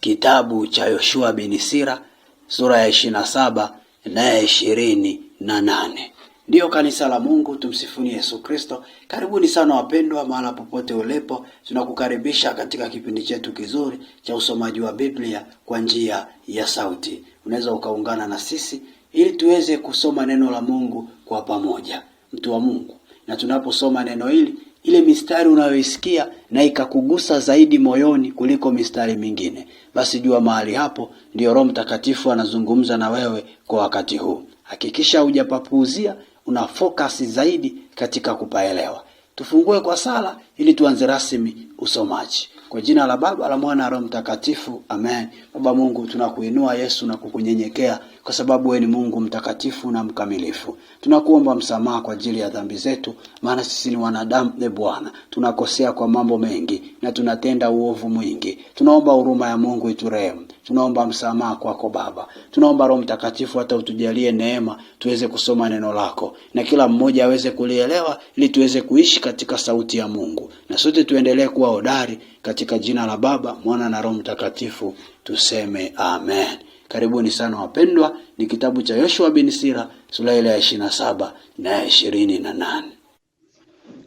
Kitabu cha Yoshua bin Sira sura ya ishirini na saba na ya ishirini na nane. Ndiyo kanisa la Mungu, tumsifuni Yesu Kristo. Karibuni sana wapendwa, mahala popote ulipo, tunakukaribisha katika kipindi chetu kizuri cha usomaji wa Biblia kwa njia ya sauti. Unaweza ukaungana na sisi ili tuweze kusoma neno la Mungu kwa pamoja, mtu wa Mungu, na tunaposoma neno hili ile mistari unayoisikia na ikakugusa zaidi moyoni kuliko mistari mingine, basi jua mahali hapo ndio Roho Mtakatifu anazungumza na wewe kwa wakati huu. Hakikisha hujapapuuzia, una focus zaidi katika kupaelewa. Tufungue kwa sala ili tuanze rasmi usomaji. Kwa jina la Baba la Mwana Roho Mtakatifu, amen. Baba Mungu, tunakuinua Yesu na kukunyenyekea kwa sababu wewe ni Mungu mtakatifu na mkamilifu. Tunakuomba msamaha kwa ajili ya dhambi zetu, maana sisi ni wanadamu. E Bwana, tunakosea kwa mambo mengi na tunatenda uovu mwingi. Tunaomba huruma ya Mungu iturehemu, tunaomba msamaha kwako Baba, tunaomba Roho Mtakatifu hata utujalie neema tuweze kusoma neno lako na kila mmoja aweze kulielewa, ili tuweze kuishi katika sauti ya Mungu na sote tuendelee kuwa hodari katika jina la Baba, Mwana na Roho Mtakatifu tuseme amen. Karibuni sana wapendwa, ni kitabu cha Yoshua bin Sira sura ile ya ishirini na saba na ya ishirini na nane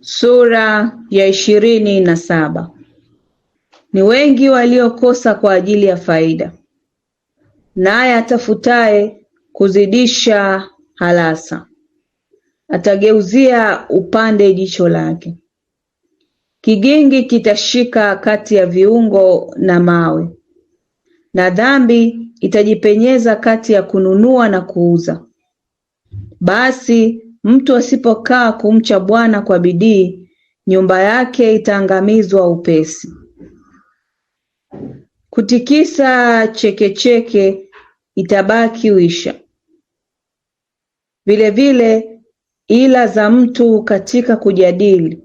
Sura ya ishirini na saba. Ni wengi waliokosa kwa ajili ya faida, naye atafutaye kuzidisha halasa atageuzia upande jicho lake. Kigingi kitashika kati ya viungo na mawe, na dhambi itajipenyeza kati ya kununua na kuuza. Basi mtu asipokaa kumcha Bwana kwa bidii, nyumba yake itaangamizwa upesi. Kutikisa chekecheke cheke itabaki uisha. Vilevile ila za mtu katika kujadili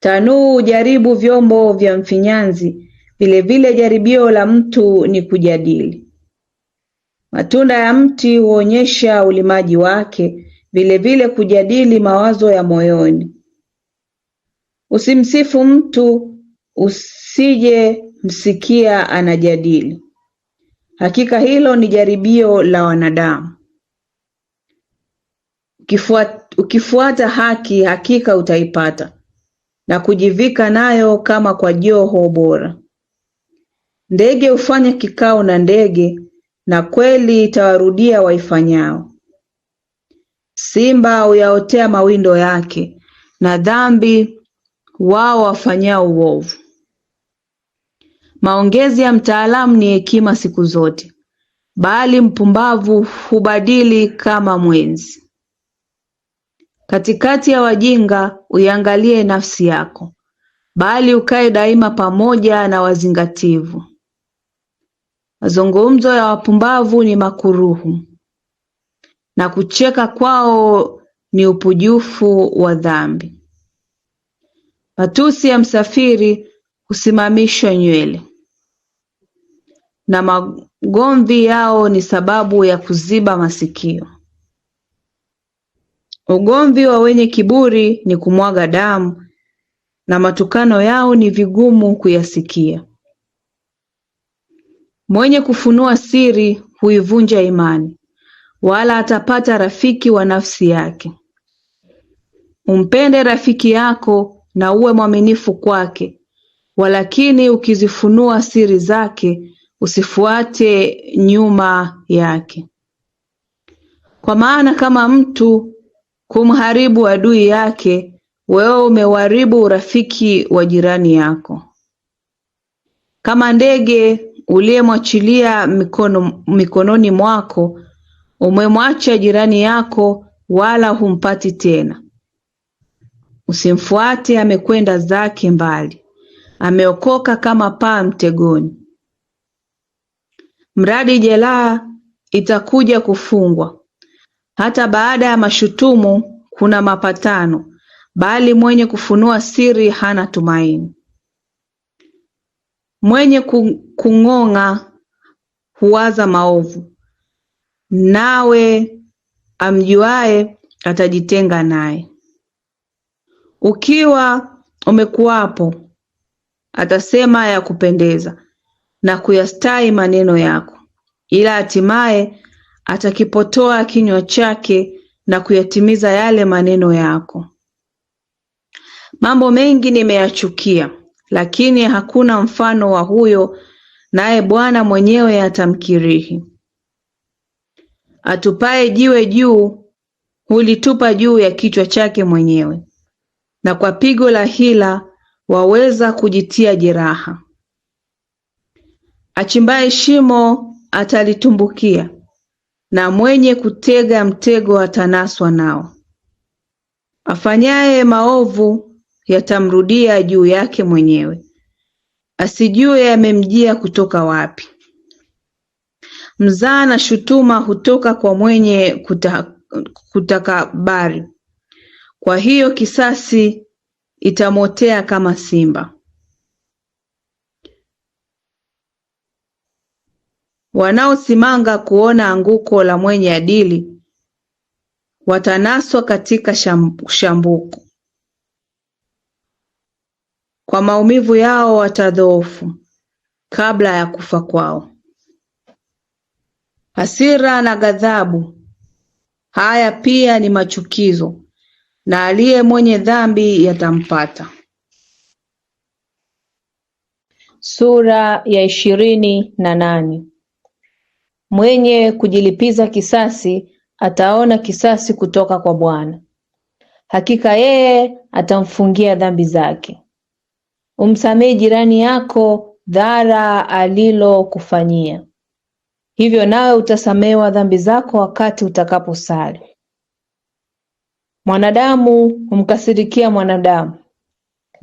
Tanuu jaribu vyombo vya mfinyanzi vilevile jaribio la mtu ni kujadili matunda ya mti huonyesha ulimaji wake vilevile kujadili mawazo ya moyoni Usimsifu mtu usijemsikia anajadili hakika hilo ni jaribio la wanadamu Ukifuata haki hakika utaipata na kujivika nayo kama kwa joho bora. Ndege hufanya kikao na ndege, na kweli itawarudia waifanyao. Simba huyaotea mawindo yake, na dhambi wao wafanyao uovu. Maongezi ya mtaalamu ni hekima siku zote, bali mpumbavu hubadili kama mwenzi. Katikati ya wajinga uiangalie nafsi yako, bali ukae daima pamoja na wazingativu. Mazungumzo ya wapumbavu ni makuruhu, na kucheka kwao ni upujufu wa dhambi. Matusi ya msafiri husimamishwa nywele, na magomvi yao ni sababu ya kuziba masikio. Ugomvi wa wenye kiburi ni kumwaga damu, na matukano yao ni vigumu kuyasikia. Mwenye kufunua siri huivunja imani, wala atapata rafiki wa nafsi yake. Umpende rafiki yako na uwe mwaminifu kwake, walakini ukizifunua siri zake usifuate nyuma yake, kwa maana kama mtu Kumharibu adui yake wewe umeuharibu urafiki wa jirani yako kama ndege uliyemwachilia mikononi mwako umemwacha jirani yako wala humpati tena usimfuate amekwenda zake mbali ameokoka kama paa mtegoni mradi jeraha itakuja kufungwa hata baada ya mashutumu kuna mapatano bali mwenye kufunua siri hana tumaini. Mwenye kung'ong'a huwaza maovu, nawe amjuaye atajitenga naye. Ukiwa umekuwapo, atasema ya kupendeza na kuyastahi maneno yako, ila hatimaye atakipotoa kinywa chake na kuyatimiza yale maneno yako. Mambo mengi nimeyachukia, lakini hakuna mfano wa huyo, naye Bwana mwenyewe atamkirihi. Atupaye jiwe juu hulitupa juu ya kichwa chake mwenyewe, na kwa pigo la hila waweza kujitia jeraha. Achimbaye shimo atalitumbukia, na mwenye kutega mtego atanaswa nao, afanyaye maovu yatamrudia juu yake mwenyewe, asijue yamemjia kutoka wapi. mzaa na shutuma hutoka kwa mwenye kutakabari, kwa hiyo kisasi itamotea kama simba. Wanaosimanga kuona anguko la mwenye adili watanaswa katika shambuko, kwa maumivu yao watadhoofu kabla ya kufa kwao. Hasira na ghadhabu, haya pia ni machukizo, na aliye mwenye dhambi yatampata. Sura ya ishirini na nane. Mwenye kujilipiza kisasi ataona kisasi kutoka kwa Bwana, hakika yeye atamfungia dhambi zake. Umsamehe jirani yako dhara alilokufanyia, hivyo nawe utasamehewa dhambi zako wakati utakaposali. Mwanadamu humkasirikia mwanadamu,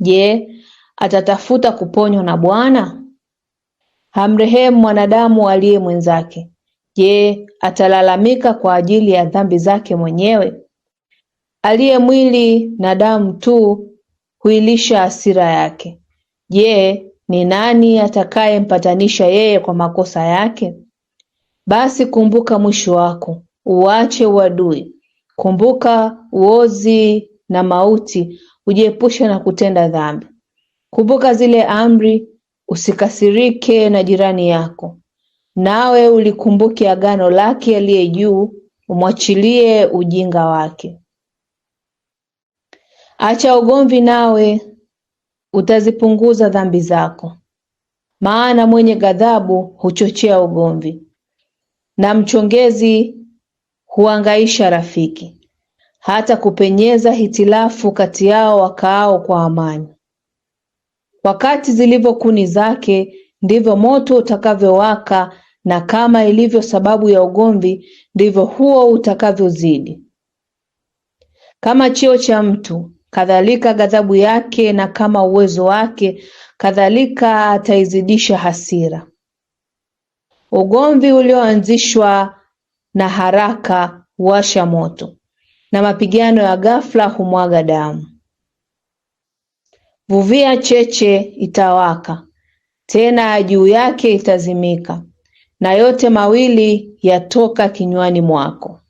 je, atatafuta kuponywa na Bwana? Hamrehemu mwanadamu aliye mwenzake, Je, atalalamika kwa ajili ya dhambi zake mwenyewe? Aliye mwili na damu tu huilisha hasira yake. Je, ni nani atakayempatanisha yeye kwa makosa yake? Basi kumbuka mwisho wako, uache uadui, kumbuka uozi na mauti, ujiepushe na kutenda dhambi. Kumbuka zile amri, usikasirike na jirani yako, Nawe ulikumbuke agano lake aliye juu, umwachilie ujinga wake. Acha ugomvi, nawe utazipunguza dhambi zako, maana mwenye ghadhabu huchochea ugomvi, na mchongezi huangaisha rafiki, hata kupenyeza hitilafu kati yao wakaao kwa amani. Wakati zilivyo kuni zake, ndivyo moto utakavyowaka na kama ilivyo sababu ya ugomvi ndivyo huo utakavyozidi. Kama cheo cha mtu kadhalika ghadhabu yake, na kama uwezo wake kadhalika ataizidisha hasira. Ugomvi ulioanzishwa na haraka huwasha moto, na mapigano ya ghafla humwaga damu. Vuvia cheche itawaka, tena juu yake itazimika na yote mawili yatoka kinywani mwako.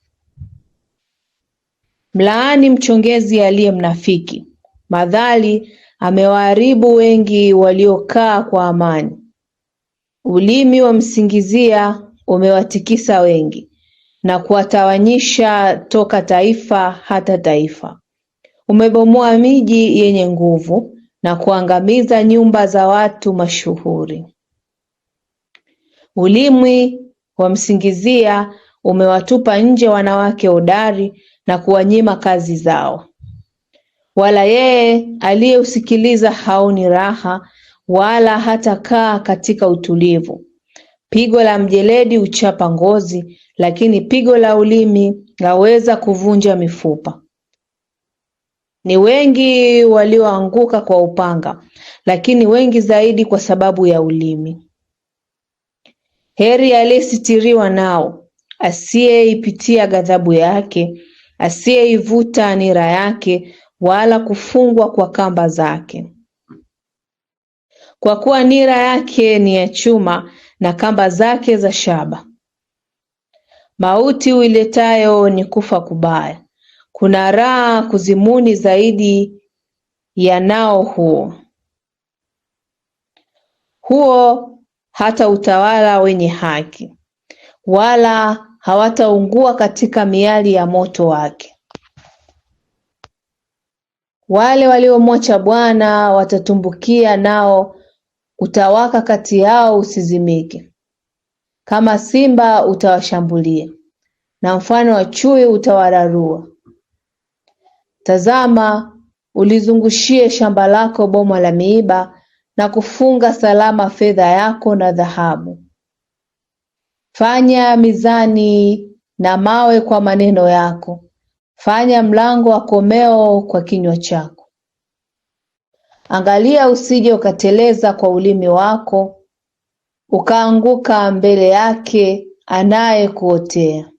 Mlaani mchongezi aliye mnafiki, madhali amewaharibu wengi waliokaa kwa amani. Ulimi wa msingizia umewatikisa wengi na kuwatawanyisha toka taifa hata taifa. Umebomoa miji yenye nguvu na kuangamiza nyumba za watu mashuhuri. Ulimwi wamsingizia umewatupa nje wanawake hodari na kuwanyima kazi zao, wala yeye aliyeusikiliza haoni raha wala hata kaa katika utulivu. Pigo la mjeledi huchapa ngozi, lakini pigo la ulimi laweza kuvunja mifupa. Ni wengi walioanguka kwa upanga, lakini wengi zaidi kwa sababu ya ulimi. Heri aliyesitiriwa nao, asiyeipitia ghadhabu yake, asiyeivuta nira yake, wala kufungwa kwa kamba zake. Kwa kuwa nira yake ni ya chuma, na kamba zake za shaba. Mauti uiletayo ni kufa kubaya, kuna raha kuzimuni zaidi ya nao huo. Huo hata utawala wenye haki, wala hawataungua katika miali ya moto wake. Wale waliomwacha Bwana watatumbukia, nao utawaka kati yao usizimike. Kama simba utawashambulia, na mfano wa chui utawararua. Tazama, ulizungushie shamba lako boma la miiba na kufunga salama fedha yako na dhahabu. Fanya mizani na mawe kwa maneno yako, fanya mlango wa komeo kwa kinywa chako. Angalia usije ukateleza kwa ulimi wako, ukaanguka mbele yake anayekuotea.